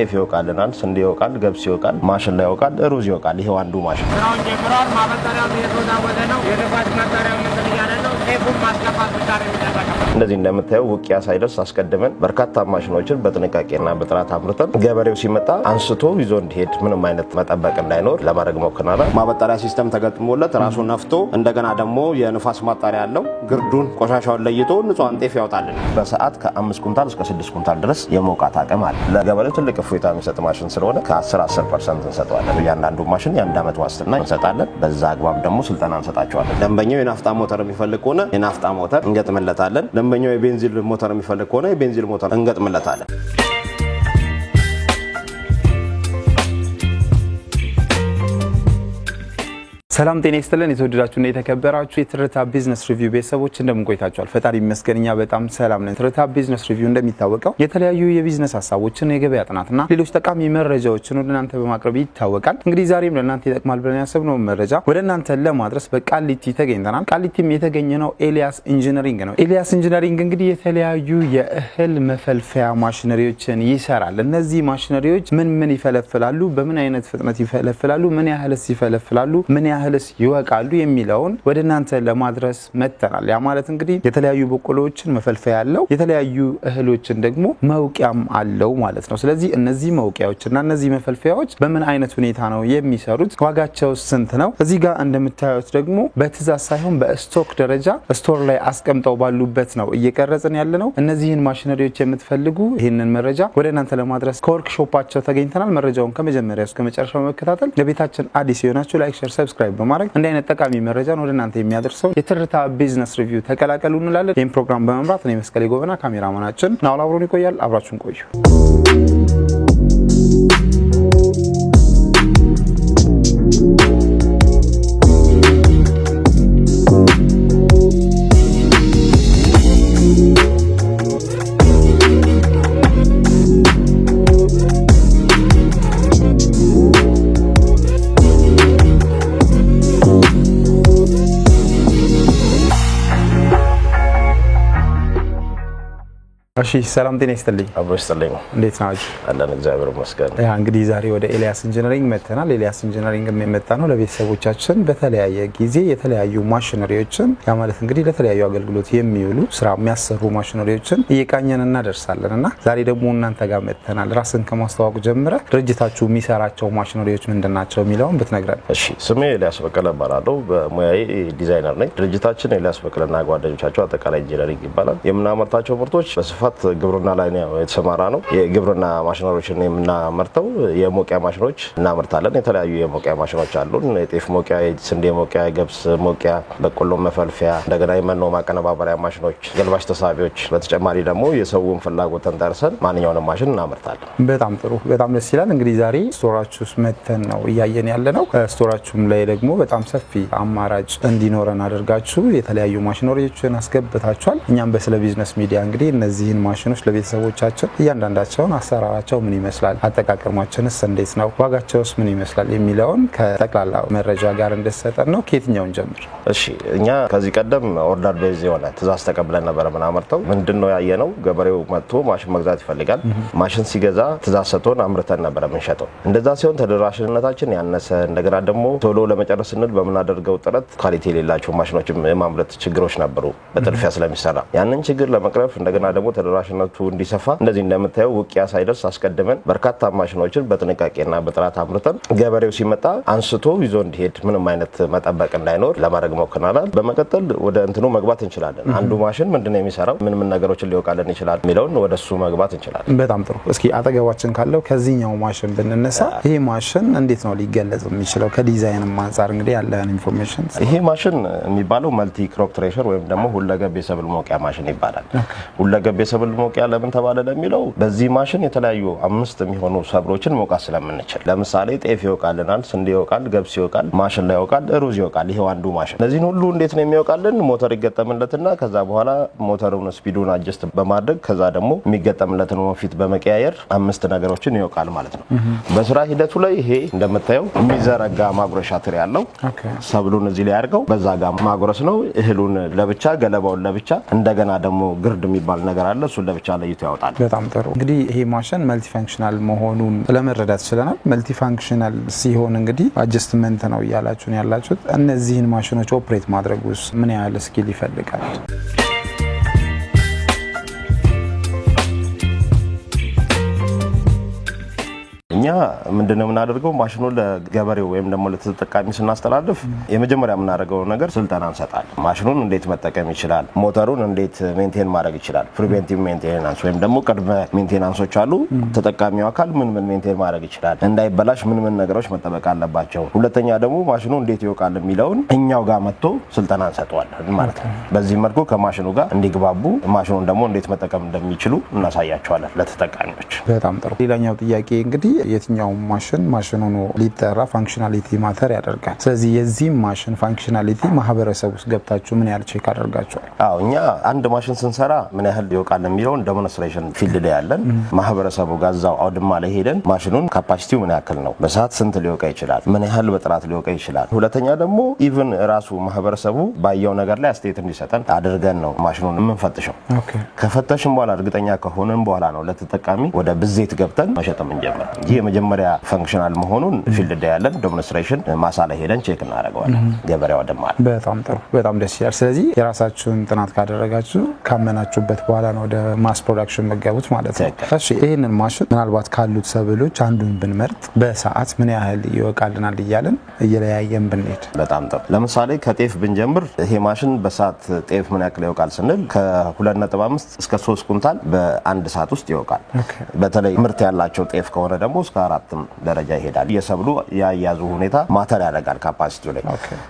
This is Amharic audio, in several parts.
ጤፍ ይወቃል፣ ይወቃልናል፣ ስንዴ ይወቃል፣ ገብስ ይወቃል፣ ማሽላ ይወቃል፣ ሩዝ ይወቃል። ይሄው አንዱ ማሽን ስራውን ጀምረዋል። ማበጠሪያው የተወዛወዘ ነው። የነፋስ መጠሪያው ምንትን እያለ ነው። ጤፉን ማስገባት ብቻ ነው የሚጠበቅ እንደዚህ እንደምታየው ውቅያ ሳይደርስ አስቀድመን በርካታ ማሽኖችን በጥንቃቄና በጥራት አምርተን ገበሬው ሲመጣ አንስቶ ይዞ እንዲሄድ ምንም አይነት መጠበቅ እንዳይኖር ለማድረግ ሞክረናል። ማበጣሪያ ሲስተም ተገጥሞለት ራሱ ነፍቶ እንደገና ደግሞ የንፋስ ማጣሪያ ያለው ግርዱን ቆሻሻውን ለይቶ ንጹሐን ጤፍ ያወጣልን። በሰዓት ከአምስት ኩንታል እስከ ስድስት ኩንታል ድረስ የመውቃት አቅም አለ። ለገበሬው ትልቅ እፎይታ የሚሰጥ ማሽን ስለሆነ ከ10 10 ፐርሰንት እንሰጠዋለን። እያንዳንዱ ማሽን የአንድ ዓመት ዋስትና እንሰጣለን። በዛ አግባብ ደግሞ ስልጠና እንሰጣቸዋለን። ደንበኛው የናፍጣ ሞተር የሚፈልግ ከሆነ የናፍጣ ሞተር እንገጥምለታለን። ደንበኛው የቤንዚል ሞተር የሚፈልግ ከሆነ የቤንዚል ሞተር እንገጥምለታለን። ሰላም ጤና ይስጥልን። የተወደዳችሁና የተከበራችሁ የትርታ ቢዝነስ ሪቪው ቤተሰቦች እንደምን ቆይታችኋል? ፈጣሪ ይመስገን እኛ በጣም ሰላም ነን። ትርታ ቢዝነስ ሪቪው እንደሚታወቀው የተለያዩ የቢዝነስ ሀሳቦችን፣ የገበያ ጥናትና ሌሎች ጠቃሚ መረጃዎችን ወደ እናንተ በማቅረብ ይታወቃል። እንግዲህ ዛሬም ለእናንተ ይጠቅማል ብለን ያሰብነው መረጃ ወደ እናንተ ለማድረስ በቃሊቲ ተገኝተናል። ቃሊቲም የተገኘነው ኤልያስ ኢንጂነሪንግ ነው። ኤልያስ ኢንጂነሪንግ እንግዲህ የተለያዩ የእህል መፈልፈያ ማሽነሪዎችን ይሰራል። እነዚህ ማሽነሪዎች ምን ምን ይፈለፍላሉ? በምን አይነት ፍጥነት ይፈለፍላሉ? ምን ያህልስ ይፈለፍላሉ? ምን ያህል ያህልስ ይወቃሉ የሚለውን ወደ እናንተ ለማድረስ መጥተናል። ያ ማለት እንግዲህ የተለያዩ በቆሎዎችን መፈልፈያ ያለው የተለያዩ እህሎችን ደግሞ መውቂያም አለው ማለት ነው። ስለዚህ እነዚህ መውቂያዎች እነዚህ መፈልፈያዎች በምን አይነት ሁኔታ ነው የሚሰሩት? ዋጋቸው ስንት ነው? እዚህ ጋር እንደምታዩት ደግሞ በትእዛዝ ሳይሆን በስቶክ ደረጃ ስቶር ላይ አስቀምጠው ባሉበት ነው እየቀረጽን ያለ ነው። እነዚህን ማሽነሪዎች የምትፈልጉ ይህንን መረጃ ወደ እናንተ ለማድረስ ከወርክሾፓቸው ተገኝተናል። መረጃውን ከመጀመሪያ እስከ መጨረሻው መከታተል ለቤታችን አዲስ የሆናችሁ ላይክ፣ ሸር፣ ሰብስክራይብ በማድረግ እንዲህ አይነት ጠቃሚ መረጃን ወደ እናንተ የሚያደርሰው የትርታ ቢዝነስ ሪቪው ተቀላቀሉ እንላለን። ይህም ፕሮግራም በመምራት እኔ መስቀሌ ጎበና፣ ካሜራማናችን ናውል አብሮን ይቆያል። አብራችሁን ቆዩ። እሺ ሰላም ጤና ይስጥልኝ። አብሮ ይስጥልኝ። እንዴት ናችሁ? አለን እግዚአብሔር ይመስገን። ያ እንግዲህ ዛሬ ወደ ኤልያስ ኢንጂነሪንግ መጥተናል። ኤልያስ ኢንጂነሪንግ የመጣ ነው ለቤተሰቦቻችን በተለያየ ጊዜ የተለያዩ ማሽነሪዎችን ያ ማለት እንግዲህ ለተለያዩ አገልግሎት የሚውሉ ስራ የሚያሰሩ ማሽነሪዎችን እየቃኘን እናደርሳለን እና ዛሬ ደግሞ እናንተ ጋር መጥተናል። ራስን ከማስተዋወቅ ጀምረ ድርጅታችሁ የሚሰራቸው ማሽነሪዎች ምንድን ናቸው የሚለውን ብትነግረን። እሺ ስሜ ኤልያስ በቀለ እባላለሁ። በሙያዬ ዲዛይነር ነኝ። ድርጅታችን ኤልያስ በቀለና ጓደኞቻቸው አጠቃላይ ኢንጂነሪንግ ይባላል። የምናመርታቸው ምርቶች በስፋት በስፋት ግብርና ላይ የተሰማራ ነው። የግብርና ማሽነሪዎችን የምናመርተው የሞቂያ ማሽኖች እናመርታለን። የተለያዩ የሞቂያ ማሽኖች አሉን። የጤፍ ሞቂያ፣ የስንዴ ሞቂያ፣ የገብስ ሞቂያ፣ በቆሎ መፈልፊያ፣ እንደገና የመኖ ማቀነባበሪያ ማሽኖች፣ ገልባሽ ተሳቢዎች፣ በተጨማሪ ደግሞ የሰውን ፍላጎት ተንጠርሰን ማንኛውንም ማሽን እናመርታለን። በጣም ጥሩ፣ በጣም ደስ ይላል። እንግዲህ ዛሬ ስቶራችሁ ውስጥ መተን ነው እያየን ያለ ነው። ስቶራችሁም ላይ ደግሞ በጣም ሰፊ አማራጭ እንዲኖረን አድርጋችሁ የተለያዩ ማሽኖሪዎችን አስገብታችኋል። እኛም በስለ ቢዝነስ ሚዲያ እንግዲህ እነዚህን እነዚህን ማሽኖች ለቤተሰቦቻችን እያንዳንዳቸውን አሰራራቸው ምን ይመስላል፣ አጠቃቀማችንስ እንዴት ነው፣ ዋጋቸውስ ምን ይመስላል የሚለውን ከጠቅላላ መረጃ ጋር እንደሰጠን ነው። ከየትኛውን ጀምር? እሺ፣ እኛ ከዚህ ቀደም ኦርደር ቤዝ የሆነ ትእዛዝ ተቀብለን ነበረ። ምን አመርተው ምንድን ነው ነው፣ ገበሬው መጥቶ ማሽን መግዛት ይፈልጋል። ማሽን ሲገዛ ትእዛዝ ሰጥቶን አምርተን ነበረ ምንሸጠው። እንደዛ ሲሆን ተደራሽነታችን ያነሰ፣ እንደገና ደግሞ ቶሎ ለመጨረስ ስንል በምናደርገው ጥረት ኳሊቲ የሌላቸው ማሽኖች የማምረት ችግሮች ነበሩ፣ በጥድፊያ ስለሚሰራ ያንን ችግር ለመቅረፍ እንደገና ደግሞ ተደራሽነቱ እንዲሰፋ እንደዚህ እንደምታየው ውቅያ ሳይደርስ አስቀድመን በርካታ ማሽኖችን በጥንቃቄና በጥራት አምርተን ገበሬው ሲመጣ አንስቶ ይዞ እንዲሄድ ምንም አይነት መጠበቅ እንዳይኖር ለማድረግ ሞክረናል። በመቀጠል ወደ እንትኑ መግባት እንችላለን። አንዱ ማሽን ምንድነው የሚሰራው፣ ምን ምን ነገሮችን ሊወቃለን ይችላል የሚለውን ወደሱ መግባት እንችላለን። በጣም ጥሩ። እስኪ አጠገባችን ካለው ከዚህኛው ማሽን ብንነሳ ይሄ ማሽን እንዴት ነው ሊገለጽ የሚችለው? ከዲዛይንም አንጻር እንግዲህ ያለን ኢንፎርሜሽን። ይሄ ማሽን የሚባለው መልቲ ክሮፕ ትሬሸር ወይም ደግሞ ሁለገብ የሰብል መውቂያ ማሽን ይባላል። ሁለገብ የሰ ሰብል መውቂያ ለምን ተባለ ለሚለው በዚህ ማሽን የተለያዩ አምስት የሚሆኑ ሰብሎችን መውቃት ስለምንችል ለምሳሌ ጤፍ ይወቃልናል፣ ስንዴ ይወቃል፣ ገብስ ይወቃል፣ ላይ ይወቃል፣ ሩዝ ይወቃል። ይሄው አንዱ ማሽን። እነዚህን ሁሉ እንዴት ነው የሚወቃልን? ሞተር ይገጠምለትና ከዛ በኋላ ሞተሩን ስፒዱን አጀስት በማድረግ ከዛ ደግሞ የሚገጠምለትን ወንፊት በመቀያየር አምስት ነገሮችን ይወቃል ማለት ነው። በስራ ሂደቱ ላይ ይሄ እንደምታየው የሚዘረጋ ማጉረሻ ትሪ ያለው ሰብሉን እዚህ ላይ አድርገው በዛ ጋ ማጉረስ ነው። እህሉን ለብቻ ገለባውን ለብቻ እንደገና ደግሞ ግርድ የሚባል ነገር አለ እሱን ለብቻ ለይቶ ያወጣል። በጣም ጥሩ። እንግዲህ ይሄ ማሽን መልቲፋንክሽናል መሆኑን ለመረዳት ችለናል። መልቲፋንክሽናል ሲሆን እንግዲህ አጀስትመንት ነው እያላችሁን ያላችሁት። እነዚህን ማሽኖች ኦፕሬት ማድረግ ውስጥ ምን ያህል ስኪል ይፈልጋል? እኛ ምንድነው የምናደርገው? ማሽኑን ለገበሬው ወይም ደግሞ ለተጠቃሚ ስናስተላልፍ የመጀመሪያ የምናደርገው ነገር ስልጠና እንሰጣል። ማሽኑን እንዴት መጠቀም ይችላል፣ ሞተሩን እንዴት ሜንቴን ማድረግ ይችላል። ፕሪቬንቲቭ ሜንቴናንስ ወይም ደግሞ ቅድመ ሜንቴናንሶች አሉ። ተጠቃሚው አካል ምን ምን ሜንቴን ማድረግ ይችላል፣ እንዳይበላሽ ምን ምን ነገሮች መጠበቅ አለባቸው። ሁለተኛ ደግሞ ማሽኑ እንዴት ይወቃል የሚለውን እኛው ጋር መጥቶ ስልጠና እንሰጠዋለን ማለት ነው። በዚህ መልኩ ከማሽኑ ጋር እንዲግባቡ ማሽኑን ደግሞ እንዴት መጠቀም እንደሚችሉ እናሳያቸዋለን ለተጠቃሚዎች። በጣም ጥሩ። ሌላኛው ጥያቄ እንግዲህ የትኛውም ማሽን ማሽን ሆኖ ሊጠራ ፋንክሽናሊቲ ማተር ያደርጋል። ስለዚህ የዚህም ማሽን ፋንክሽናሊቲ ማህበረሰብ ውስጥ ገብታችሁ ምን ያህል ቼክ አደርጋችኋል? አዎ እኛ አንድ ማሽን ስንሰራ ምን ያህል ይወቃል የሚለውን ዴሞንስትሬሽን ፊልድ ላይ ያለን ማህበረሰቡ ጋዛው አውድማ ላይ ሄደን ማሽኑን ካፓሲቲው ምን ያክል ነው፣ በሰዓት ስንት ሊወቃ ይችላል፣ ምን ያህል በጥራት ሊወቃ ይችላል። ሁለተኛ ደግሞ ኢቭን ራሱ ማህበረሰቡ ባየው ነገር ላይ አስተያየት እንዲሰጠን አድርገን ነው ማሽኑን የምንፈትሸው። ከፈተሽን በኋላ እርግጠኛ ከሆነን በኋላ ነው ለተጠቃሚ ወደ ብዜት ገብተን መሸጥ የምንጀምር። የመጀመሪያ ፈንክሽናል መሆኑን ፊልድ ላይ ያለን ዴሞንስትሬሽን ማሳ ላይ ሄደን ቼክ እናደርገዋለን። ገበሬው ደማል። በጣም ጥሩ፣ በጣም ደስ ይላል። ስለዚህ የራሳችሁን ጥናት ካደረጋችሁ ካመናችሁበት በኋላ ነው ወደ ማስ ፕሮዳክሽን መገቡት ማለት ነው። እሺ ይህንን ማሽን ምናልባት ካሉት ሰብሎች አንዱን ብንመርጥ በሰዓት ምን ያህል ይወቃልናል እያለን እየለያየን ብንሄድ በጣም ጥሩ። ለምሳሌ ከጤፍ ብንጀምር ይሄ ማሽን በሰዓት ጤፍ ምን ያክል ይወቃል ስንል ከ2.5 እስከ 3 ኩንታል በአንድ ሰዓት ውስጥ ይወቃል። በተለይ ምርት ያላቸው ጤፍ ከሆነ ደግሞ እስከ አራትም ደረጃ ይሄዳል። የሰብሉ ያያዙ ሁኔታ ማተር ያደርጋል ካፓሲቲው ላይ።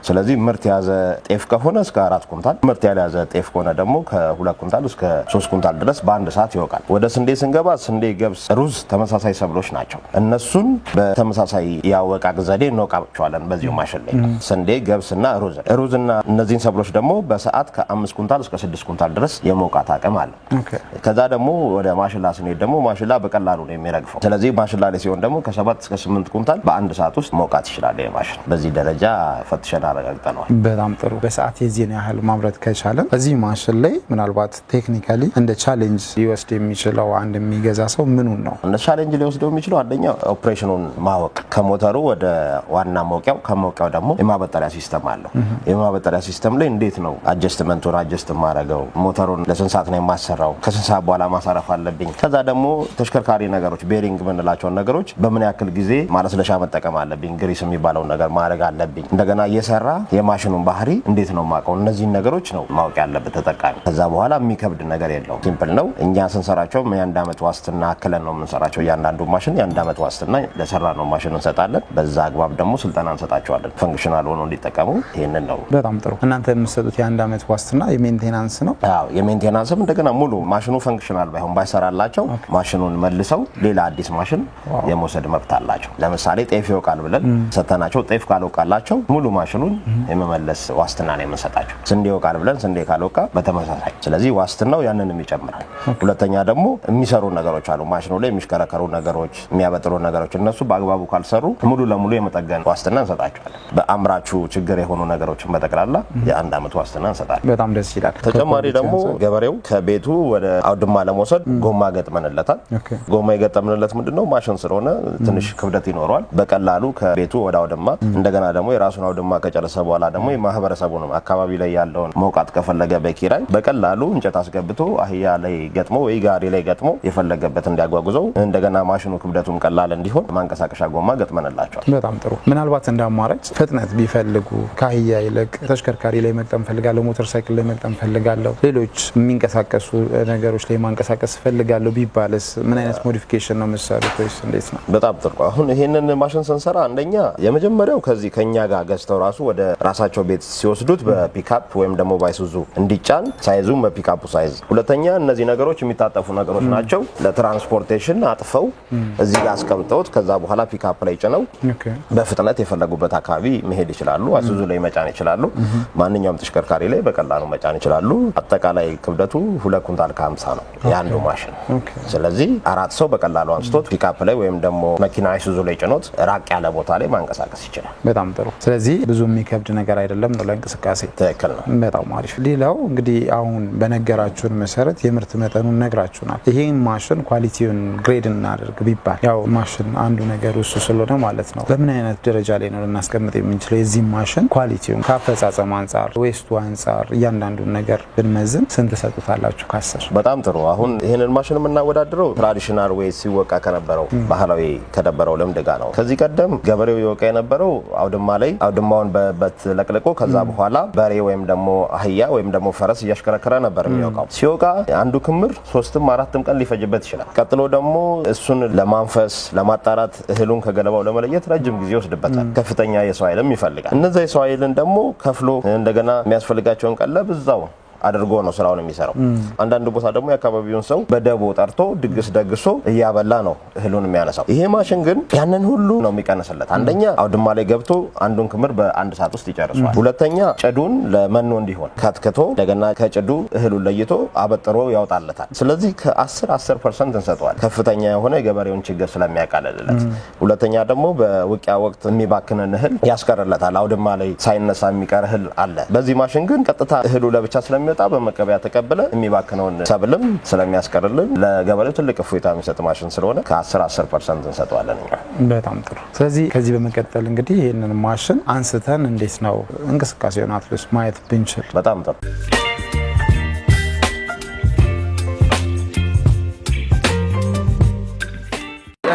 ስለዚህ ምርት የያዘ ጤፍ ከሆነ እስከ አራት ኩንታል፣ ምርት ያልያዘ ጤፍ ከሆነ ደግሞ ከሁለት ኩንታል እስከ ሶስት ኩንታል ድረስ በአንድ ሰዓት ይወቃል። ወደ ስንዴ ስንገባ ስንዴ፣ ገብስ፣ ሩዝ ተመሳሳይ ሰብሎች ናቸው። እነሱን በተመሳሳይ የአወቃቅ ዘዴ እንወቃቸዋለን በዚሁ ማሽን ላይ ስንዴ፣ ገብስና ሩዝ ሩዝና እነዚህን ሰብሎች ደግሞ በሰዓት ከአምስት ኩንታል እስከ ስድስት ኩንታል ድረስ የመውቃት አቅም አለ። ከዛ ደግሞ ወደ ማሽላ ስንሄድ ደግሞ ማሽላ በቀላሉ ነው የሚረግፈው። ስለዚህ ማሽላ ላይ ሲሆን ደግሞ ከሰባት እስከ ስምንት ኩንታል በአንድ ሰዓት ውስጥ መውቃት ይችላል። የማሽን በዚህ ደረጃ ፈትሸን አረጋግጠነዋል። በጣም ጥሩ። በሰዓት የዚህን ያህል ማምረት ከቻለ በዚህ ማሽን ላይ ምናልባት ቴክኒካሊ እንደ ቻሌንጅ ሊወስድ የሚችለው አንድ የሚገዛ ሰው ምኑን ነው እንደ ቻሌንጅ ሊወስደው የሚችለው? አንደኛው ኦፕሬሽኑን ማወቅ ከሞተሩ ወደ ዋና መውቂያው ከመውቂያው ደግሞ የማበጠሪያ ሲስተም አለው። የማበጠሪያ ሲስተም ላይ እንዴት ነው አጀስትመንቱን አጀስት የማደርገው? ሞተሩን ለስንት ሰዓት ነው የማሰራው? ከስንት ሰዓት በኋላ ማሳረፍ አለብኝ? ከዛ ደግሞ ተሽከርካሪ ነገሮች ቤሪንግ የምንላቸውን ነገሮች ነገሮች በምን ያክል ጊዜ ማለስለሻ መጠቀም አለብኝ፣ ግሪስ የሚባለውን ነገር ማድረግ አለብኝ፣ እንደገና እየሰራ የማሽኑን ባህሪ እንዴት ነው ማቀው እነዚህን ነገሮች ነው ማወቅ ያለበት ተጠቃሚ። ከዛ በኋላ የሚከብድ ነገር የለውም፣ ሲምፕል ነው። እኛ ስንሰራቸው የአንድ አመት ዋስትና አክለን ነው የምንሰራቸው። እያንዳንዱ ማሽን የአንድ ዓመት ዋስትና ለሰራ ነው ማሽን እንሰጣለን። በዛ አግባብ ደግሞ ስልጠና እንሰጣቸዋለን፣ ፈንክሽናል ሆኖ እንዲጠቀሙ። ይህንን ነው። በጣም ጥሩ። እናንተ የምትሰጡት የአንድ አመት ዋስትና የሜንቴናንስ ነው? አዎ የሜንቴናንስም እንደገና ሙሉ ማሽኑ ፈንክሽናል ባይሆን ባይሰራላቸው ማሽኑን መልሰው ሌላ አዲስ ማሽን የመውሰድ መብት አላቸው። ለምሳሌ ጤፍ ይወቃል ብለን ሰተናቸው ጤፍ ካልወቃላቸው ሙሉ ማሽኑን የመመለስ ዋስትና ነው የምንሰጣቸው። ስንዴ ይወቃል ብለን ስንዴ ካልወቃ በተመሳሳይ። ስለዚህ ዋስትናው ያንንም ይጨምራል። ሁለተኛ ደግሞ የሚሰሩ ነገሮች አሉ። ማሽኑ ላይ የሚሽከረከሩ ነገሮች፣ የሚያበጥሩ ነገሮች እነሱ በአግባቡ ካልሰሩ ሙሉ ለሙሉ የመጠገን ዋስትና እንሰጣቸዋለን። በአምራቹ ችግር የሆኑ ነገሮችን በጠቅላላ የአንድ አመት ዋስትና እንሰጣለን። በጣም ደስ ይላል። ተጨማሪ ደግሞ ገበሬው ከቤቱ ወደ አውድማ ለመውሰድ ጎማ ገጥመንለታል። ጎማ የገጠምንለት ምንድነው ማሽን ስለሆነ ስለሆነ ትንሽ ክብደት ይኖረዋል። በቀላሉ ከቤቱ ወደ አውድማ እንደገና ደግሞ የራሱን አውድማ ከጨረሰ በኋላ ደግሞ የማህበረሰቡን አካባቢ ላይ ያለውን መውቃት ከፈለገ በኪራይ በቀላሉ እንጨት አስገብቶ አህያ ላይ ገጥሞ ወይ ጋሪ ላይ ገጥሞ የፈለገበት እንዲያጓጉዘው እንደገና ማሽኑ ክብደቱም ቀላል እንዲሆን ማንቀሳቀሻ ጎማ ገጥመንላቸዋል። በጣም ጥሩ። ምናልባት እንደ አማራጭ ፍጥነት ቢፈልጉ ከአህያ ይልቅ ተሽከርካሪ ላይ መቅጠም ፈልጋለሁ፣ ሞተር ሳይክል ላይ መቅጠም ፈልጋለሁ፣ ሌሎች የሚንቀሳቀሱ ነገሮች ላይ ማንቀሳቀስ ፈልጋለሁ ቢባልስ ምን አይነት ሞዲፊኬሽን ነው ምሳሌ ወይስ እንዴት? ማለት ነው። በጣም ጥሩ። አሁን ይሄንን ማሽን ስንሰራ አንደኛ የመጀመሪያው ከዚህ ከኛ ጋር ገዝተው ራሱ ወደ ራሳቸው ቤት ሲወስዱት በፒክአፕ ወይም ደግሞ ባይሱዙ እንዲጫን ሳይዙም በፒክአፑ ሳይዝ። ሁለተኛ እነዚህ ነገሮች የሚታጠፉ ነገሮች ናቸው። ለትራንስፖርቴሽን አጥፈው እዚህ ጋር አስቀምጠውት ከዛ በኋላ ፒክአፕ ላይ ጭነው በፍጥነት የፈለጉበት አካባቢ መሄድ ይችላሉ። አይሱዙ ላይ መጫን ይችላሉ። ማንኛውም ተሽከርካሪ ላይ በቀላሉ መጫን ይችላሉ። አጠቃላይ ክብደቱ ሁለት ኩንታል ከ50 ነው የአንዱ ማሽን። ስለዚህ አራት ሰው በቀላሉ አንስቶት ፒክአፕ ላይ ወይም ደግሞ መኪና አይሱዙ ላይ ጭኖት ራቅ ያለ ቦታ ላይ ማንቀሳቀስ ይችላል። በጣም ጥሩ። ስለዚህ ብዙ የሚከብድ ነገር አይደለም ነው ለእንቅስቃሴ። ትክክል ነው። በጣም አሪፍ። ሌላው እንግዲህ አሁን በነገራችሁን መሰረት የምርት መጠኑን ነግራችሁናል። ይሄን ማሽን ኳሊቲውን ግሬድ እናደርግ ቢባል ያው ማሽን አንዱ ነገር እሱ ስለሆነ ማለት ነው በምን አይነት ደረጃ ላይ ነው ልናስቀምጥ የምንችለው የዚህ ማሽን ኳሊቲውን ከአፈጻጸም አንጻር ዌስቱ አንጻር እያንዳንዱን ነገር ብንመዝን ስንት ሰጡታላችሁ ካሰር በጣም ጥሩ። አሁን ይህንን ማሽን የምናወዳድረው ትራዲሽናል ዌይ ሲወቃ ከነበረው ባህላዊ ከነበረው ልምድ ጋር ነው። ከዚህ ቀደም ገበሬው ይወቃ የነበረው አውድማ ላይ አውድማውን በበት ለቅልቆ ከዛ በኋላ በሬ ወይም ደግሞ አህያ ወይም ደግሞ ፈረስ እያሽከረከረ ነበር የሚወቃው። ሲወቃ አንዱ ክምር ሶስትም አራትም ቀን ሊፈጅበት ይችላል። ቀጥሎ ደግሞ እሱን ለማንፈስ ለማጣራት እህሉን ከገለባው ለመለየት ረጅም ጊዜ ይወስድበታል። ከፍተኛ የሰው ኃይልም ይፈልጋል። እነዚ የሰው ኃይልን ደግሞ ከፍሎ እንደገና የሚያስፈልጋቸውን ቀለብ እዛው አድርጎ ነው ስራውን የሚሰራው። አንዳንድ ቦታ ደግሞ የአካባቢውን ሰው በደቦ ጠርቶ ድግስ ደግሶ እያበላ ነው እህሉን የሚያነሳው። ይሄ ማሽን ግን ያንን ሁሉ ነው የሚቀንስለት። አንደኛ አውድማ ላይ ገብቶ አንዱን ክምር በአንድ ሰዓት ውስጥ ይጨርሷል። ሁለተኛ ጭዱን ለመኖ እንዲሆን ከትክቶ እንደገና ከጭዱ እህሉን ለይቶ አበጥሮ ያውጣለታል። ስለዚህ ከ10 10 ፐርሰንት እንሰጠዋል ከፍተኛ የሆነ የገበሬውን ችግር ስለሚያቃልልለት። ሁለተኛ ደግሞ በውቂያ ወቅት የሚባክንን እህል ያስቀርለታል። አውድማ ላይ ሳይነሳ የሚቀር እህል አለ። በዚህ ማሽን ግን ቀጥታ እህሉ ለብቻ ስለሚ ስለሚወጣ በመቀበያ ተቀብለ የሚባክነውን ሰብልም ስለሚያስቀርልን ለገበሬው ትልቅ እፎይታ የሚሰጥ ማሽን ስለሆነ ከ10 10 ፐርሰንት እንሰጠዋለን። በጣም ጥሩ። ስለዚህ ከዚህ በመቀጠል እንግዲህ ይህንን ማሽን አንስተን እንዴት ነው እንቅስቃሴውን አትሊስ ማየት ብንችል በጣም ጥሩ።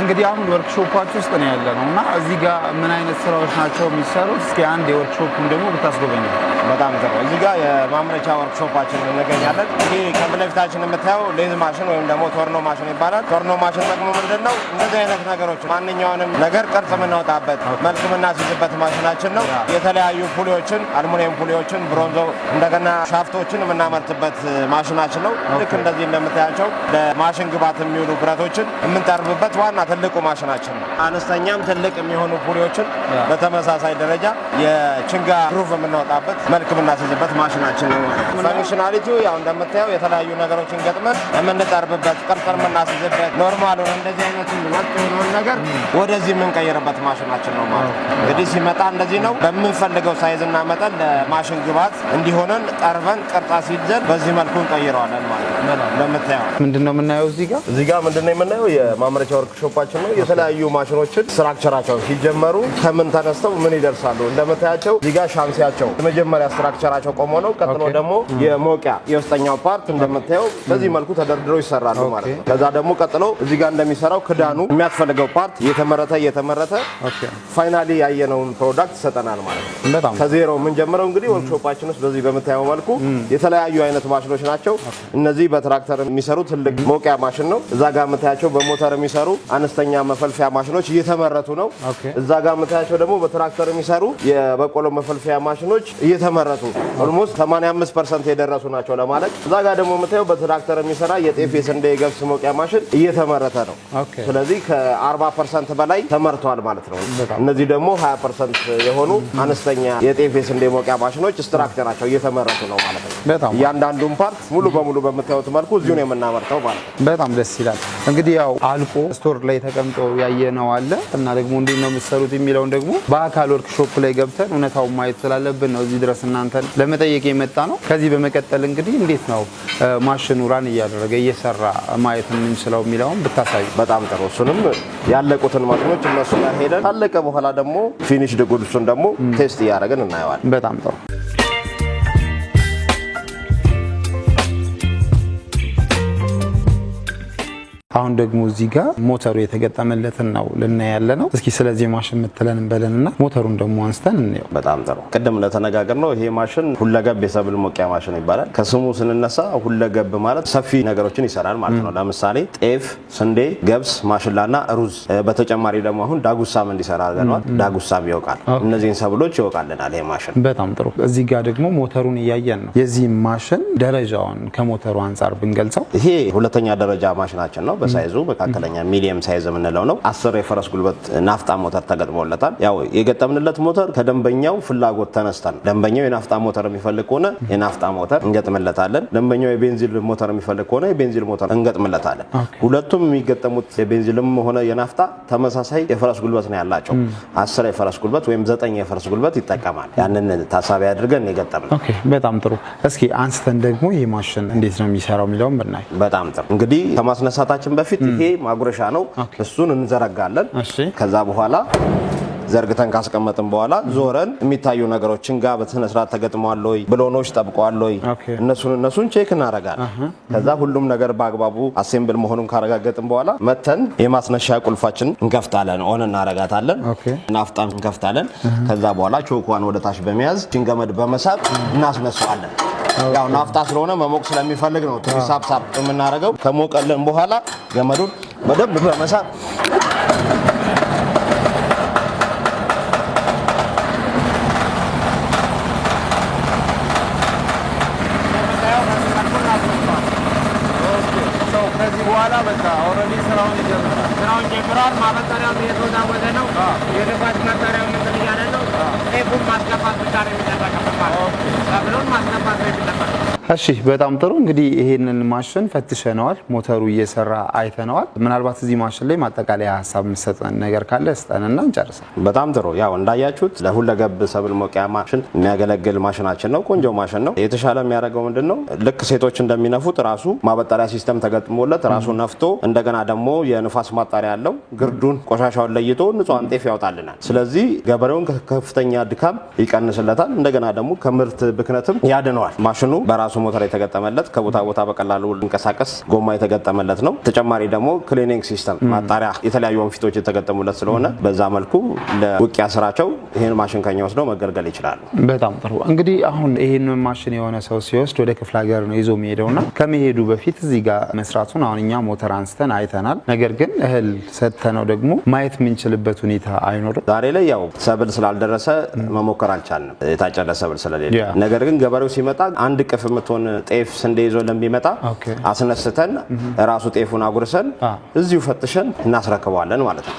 እንግዲህ አሁን ወርክሾፓች ውስጥ ነው ያለ ነው እና እዚህ ጋር ምን አይነት ስራዎች ናቸው የሚሰሩት? እስኪ አንድ የወርክሾፑን ደግሞ ብታስጎበኛል። በጣም ጥሩ። እዚህ ጋር የማምረቻ ወርክሾፓችን እንገኛለን። ይህ ከፊት ለፊታችን የምታየው ሌዝ ማሽን ወይም ደግሞ ቶርኖ ማሽን ይባላል። ቶርኖ ማሽን ጠቅሞ ምንድን ነው? እንደዚህ አይነት ነገሮች ማንኛውንም ነገር ቅርጽ የምናወጣበት መልክ የምናስይዝበት ማሽናችን ነው። የተለያዩ ፑሊዎችን፣ አልሙኒየም ፑሊዎችን፣ ብሮንዞ እንደገና ሻፍቶችን የምናመርትበት ማሽናችን ነው። ልክ እንደዚህ እንደምታያቸው ለማሽን ግባት የሚውሉ ብረቶችን የምንጠርብበት ዋና ትልቁ ማሽናችን ነው። አነስተኛም ትልቅ የሚሆኑ ፑሊዎችን በተመሳሳይ ደረጃ የችንጋ ሩፍ የምናወጣበት መልክ የምናስይዝበት ማሽናችን ነው። ፈንክሽናሊቲው ያው እንደምታየው የተለያዩ ነገሮችን ገጥመን የምንጠርብበት ቅርጽን የምናስይዝበት ኖርማሉን እንደዚህ አይነት ወጥ የሆነውን ነገር ወደዚህ የምንቀይርበት ማሽናችን ነው ማለት ነው። እንግዲህ ሲመጣ እንደዚህ ነው በምንፈልገው ሳይዝ እና መጠን ለማሽን ግብዓት እንዲሆነን ጠርበን ቅርጻ ሲይዘን በዚህ መልኩ እንቀይረዋለን ማለት ነው። እንደምታየው ምንድን ነው የምናየው እዚህ ጋር እዚህ ጋር ምንድን ነው የምናየው የማምረቻ ወርክሾፓችን ነው። የተለያዩ ማሽኖችን ስትራክቸራቸው ሲጀመሩ ከምን ተነስተው ምን ይደርሳሉ እንደምታያቸው እዚህ ጋር ሻንሲያቸው መጀመሪያ የመጀመሪያ ስትራክቸራቸው ቆሞ ነው። ቀጥሎ ደግሞ የሞቂያ የውስጠኛው ፓርት እንደምታየው በዚህ መልኩ ተደርድረው ይሰራሉ ማለት ነው። ከዛ ደግሞ ቀጥሎ እዚህ ጋር እንደሚሰራው ክዳኑ የሚያስፈልገው ፓርት እየተመረተ እየተመረተ ፋይናሊ ያየነውን ፕሮዳክት ይሰጠናል ማለት ነው። ከዜሮ የምንጀምረው እንግዲህ ወርክሾፓችን ውስጥ በዚህ በምታየው መልኩ የተለያዩ አይነት ማሽኖች ናቸው። እነዚህ በትራክተር የሚሰሩ ትልቅ ሞቂያ ማሽን ነው። እዛ ጋር የምታያቸው በሞተር የሚሰሩ አነስተኛ መፈልፊያ ማሽኖች እየተመረቱ ነው። እዛ ጋር የምታያቸው ደግሞ በትራክተር የሚሰሩ የበቆሎ መፈልፊያ ማሽኖች እየተመ የተመረቱ ኦልሞስት 85 ፐርሰንት የደረሱ ናቸው ለማለት። እዛ ጋር ደግሞ የምታየው በትራክተር የሚሰራ የጤፍ የስንዴ የገብስ መውቂያ ማሽን እየተመረተ ነው። ስለዚህ ከ40 ፐርሰንት በላይ ተመርተዋል ማለት ነው። እነዚህ ደግሞ 20 ፐርሰንት የሆኑ አነስተኛ የጤፍ የስንዴ መውቂያ ማሽኖች ስትራክተር ናቸው እየተመረቱ ነው ማለት ነው። እያንዳንዱን ፓርት ሙሉ በሙሉ በምታዩት መልኩ እዚሁ ነው የምናመርተው ማለት ነው። በጣም ደስ ይላል። እንግዲህ ያው አልቆ ስቶር ላይ ተቀምጦ ያየ ነው አለ እና ደግሞ እንዴት ነው የምትሰሩት የሚለውን ደግሞ በአካል ወርክሾፕ ላይ ገብተን እውነታውን ማየት ስላለብን ነው እዚህ ድረስ እናንተን ለመጠየቅ የመጣ ነው። ከዚህ በመቀጠል እንግዲህ እንዴት ነው ማሽኑ ራን እያደረገ እየሰራ ማየት የምንችለው የሚለውን ብታሳዩ በጣም ጥሩ። እሱንም ያለቁትን ማሽኖች እነሱ ሄደን ካለቀ በኋላ ደግሞ ፊኒሽድ ጉድሱን ደግሞ ቴስት እያደረግን እናየዋለን። በጣም ጥሩ አሁን ደግሞ እዚህ ጋር ሞተሩ የተገጠመለትን ነው ልናይ ያለ ነው። እስኪ ስለዚህ ማሽን የምትለን እንበለን እና ሞተሩን ደግሞ አንስተን እንየው። በጣም ጥሩ። ቅድም ለተነጋገር ነው ይሄ ማሽን ሁለገብ የሰብል ሞቂያ ማሽን ይባላል። ከስሙ ስንነሳ ሁለገብ ማለት ሰፊ ነገሮችን ይሰራል ማለት ነው። ለምሳሌ ጤፍ፣ ስንዴ፣ ገብስ፣ ማሽላና ሩዝ በተጨማሪ ደግሞ አሁን ዳጉሳም እንዲሰራ አድርገነዋል። ዳጉሳም ይወቃል። እነዚህን ሰብሎች ይወቃልናል ይሄ ማሽን። በጣም ጥሩ። እዚህ ጋር ደግሞ ሞተሩን እያየን ነው። የዚህ ማሽን ደረጃውን ከሞተሩ አንጻር ብንገልጸው ይሄ ሁለተኛ ደረጃ ማሽናችን ነው። በሳይዙ መካከለኛ ሚዲየም ሳይዝ የምንለው ነው። አስር የፈረስ ጉልበት ናፍጣ ሞተር ተገጥሞለታል። ያው የገጠምንለት ሞተር ከደንበኛው ፍላጎት ተነስተን ደንበኛው የናፍጣ ሞተር የሚፈልግ ከሆነ የናፍጣ ሞተር እንገጥምለታለን። ደንበኛው የቤንዚል ሞተር የሚፈልግ ከሆነ የቤንዚል ሞተር እንገጥምለታለን። ሁለቱም የሚገጠሙት የቤንዚልም ሆነ የናፍጣ ተመሳሳይ የፈረስ ጉልበት ነው ያላቸው። አስር የፈረስ ጉልበት ወይም ዘጠኝ የፈረስ ጉልበት ይጠቀማል። ያንን ታሳቢ አድርገን የገጠም በጣም ጥሩ። እስኪ አንስተን ደግሞ ይህ ማሽን እንዴት ነው የሚሰራው የሚለውም ብናይ። በጣም ጥሩ እንግዲህ ከማስነሳታችን ከመግባታችን በፊት ይሄ ማጉረሻ ነው፣ እሱን እንዘረጋለን። ከዛ በኋላ ዘርግተን ካስቀመጥን በኋላ ዞረን የሚታዩ ነገሮችን ጋር በስነ ስርዓት ተገጥመዋል ወይ ብሎኖች ጠብቀዋል ወይ እነሱን እነሱን ቼክ እናደርጋለን። ከዛ ሁሉም ነገር በአግባቡ አሴምብል መሆኑን ካረጋገጥን በኋላ መተን የማስነሻ ቁልፋችን እንከፍታለን፣ ኦን እናረጋታለን፣ ናፍጣም እንከፍታለን። ከዛ በኋላ ቾኳን ወደ ታች በመያዝ ሽንገመድ በመሳብ እናስነሳዋለን። ያው ናፍጣ ስለሆነ መሞቅ ስለሚፈልግ ነው ትሪሳብሳብ የምናደርገው። ከሞቀልን በኋላ ገመዱን በደንብ በመሳብ እሺ በጣም ጥሩ እንግዲህ ይሄንን ማሽን ፈትሸነዋል፣ ሞተሩ እየሰራ አይተነዋል። ምናልባት እዚህ ማሽን ላይ ማጠቃለያ ሀሳብ የምሰጠን ነገር ካለ ስጠንና እንጨርሳል። በጣም ጥሩ ያው እንዳያችሁት ለሁለገብ ሰብል መውቂያ ማሽን የሚያገለግል ማሽናችን ነው። ቆንጆ ማሽን ነው። የተሻለ የሚያደርገው ምንድን ነው? ልክ ሴቶች እንደሚነፉት ራሱ ማበጠሪያ ሲስተም ተገጥሞለት ራሱ ነፍቶ እንደገና ደግሞ የንፋስ ማጣሪያ ያለው ግርዱን ቆሻሻውን ለይቶ ንጹሐን ጤፍ ያወጣልናል። ስለዚህ ገበሬውን ከፍተኛ ድካም ይቀንስለታል። እንደገና ደግሞ ከምርት ብክነትም ያድነዋል። ማሽኑ በራሱ ራሱ ሞተር የተገጠመለት ከቦታ ቦታ በቀላሉ እንቀሳቀስ ጎማ የተገጠመለት ነው። ተጨማሪ ደግሞ ክሊኒንግ ሲስተም ማጣሪያ፣ የተለያዩ ወንፊቶች የተገጠሙለት ስለሆነ በዛ መልኩ ለውቅያ ስራቸው ይህን ማሽን ከኛ ወስደው መገልገል ይችላሉ። በጣም ጥሩ። እንግዲህ አሁን ይህን ማሽን የሆነ ሰው ሲወስድ ወደ ክፍለ ሀገር ነው ይዞ የሚሄደውና ከመሄዱ በፊት እዚህ ጋር መስራቱን አሁን እኛ ሞተር አንስተን አይተናል። ነገር ግን እህል ሰጥተነው ደግሞ ማየት የምንችልበት ሁኔታ አይኖርም። ዛሬ ላይ ያው ሰብል ስላልደረሰ መሞከር አልቻልንም፣ የታጨደ ሰብል ስለሌለ ነገር ግን ገበሬው ሲመጣ አንድ ቅፍ ቶን ጤፍ ስንዴ ይዞ ለሚመጣ አስነስተን ራሱ ጤፉን አጉርሰን እዚሁ ፈትሸን እናስረክበዋለን ማለት ነው።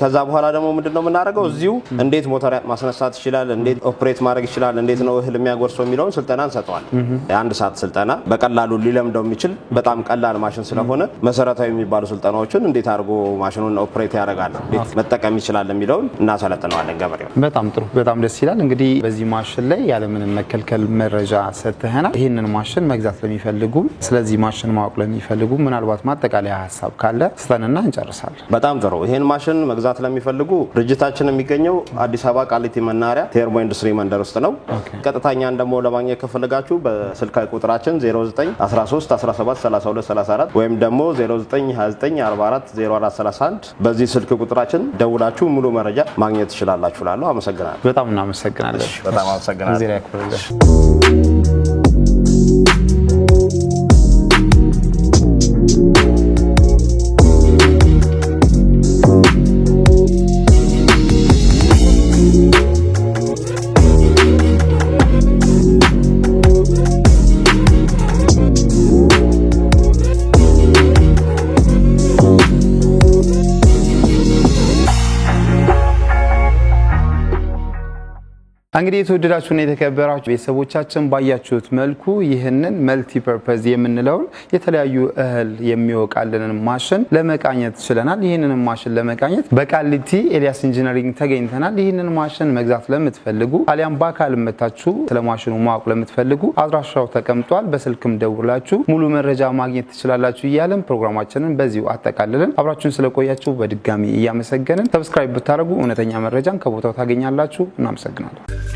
ከዛ በኋላ ደግሞ ምንድነው የምናደርገው እዚሁ እንዴት ሞተር ማስነሳት ይችላል፣ እንዴት ኦፕሬት ማድረግ ይችላል፣ እንዴት ነው እህል የሚያጎርሰው የሚለውን ስልጠና እንሰጠዋለን። የአንድ ሰዓት ስልጠና በቀላሉ ሊለምደው የሚችል በጣም ቀላል ማሽን ስለሆነ መሰረታዊ የሚባሉ ስልጠናዎችን እንዴት አድርጎ ማሽኑን ኦፕሬት ያደርጋል፣ እንዴት መጠቀም ይችላል የሚለውን እናሰለጥነዋለን ገበሬው። በጣም ጥሩ፣ በጣም ደስ ይላል። እንግዲህ በዚህ ማሽን ላይ ያለምንም መከልከል መረጃ ሰጥተህናል። ይህንን ይህንን ማሽን መግዛት ለሚፈልጉም ስለዚህ ማሽን ማወቅ ለሚፈልጉ ምናልባት ማጠቃለያ ሀሳብ ካለ ስተንና እንጨርሳለን። በጣም ጥሩ። ይህን ማሽን መግዛት ለሚፈልጉ ድርጅታችን የሚገኘው አዲስ አበባ ቃሊቲ መናሪያ ቴርሞ ኢንዱስትሪ መንደር ውስጥ ነው። ቀጥታኛን ደግሞ ለማግኘት ከፈለጋችሁ በስልካዊ ቁጥራችን 0913173234 ወይም ደግሞ 0929440431 በዚህ ስልክ ቁጥራችን ደውላችሁ ሙሉ መረጃ ማግኘት ትችላላችሁ። ላለሁ አመሰግናለሁ። በጣም እናመሰግናለን። በጣም አመሰግናለሁ። እንግዲህ የተወደዳችሁና የተከበራችሁ ቤተሰቦቻችን ባያችሁት መልኩ ይህንን መልቲ የምንለውን የተለያዩ እህል የሚወቃልንን ማሽን ለመቃኘት ችለናል። ይህንን ማሽን ለመቃኘት በቃሊቲ ኤልያስ ኢንጂነሪንግ ተገኝተናል። ይህንን ማሽን መግዛት ለምትፈልጉ አሊያም በአካል መታችሁ ስለ ማሽኑ ማወቅ ለምትፈልጉ አድራሻው ተቀምጧል። በስልክም ደውላችሁ ሙሉ መረጃ ማግኘት ትችላላችሁ እያለን ፕሮግራማችንን በዚሁ አጠቃልልን። አብራችሁን ስለቆያችሁ በድጋሚ እያመሰገንን ሰብስክራይብ ብታደርጉ እውነተኛ መረጃን ከቦታው ታገኛላችሁ። እናመሰግናለን።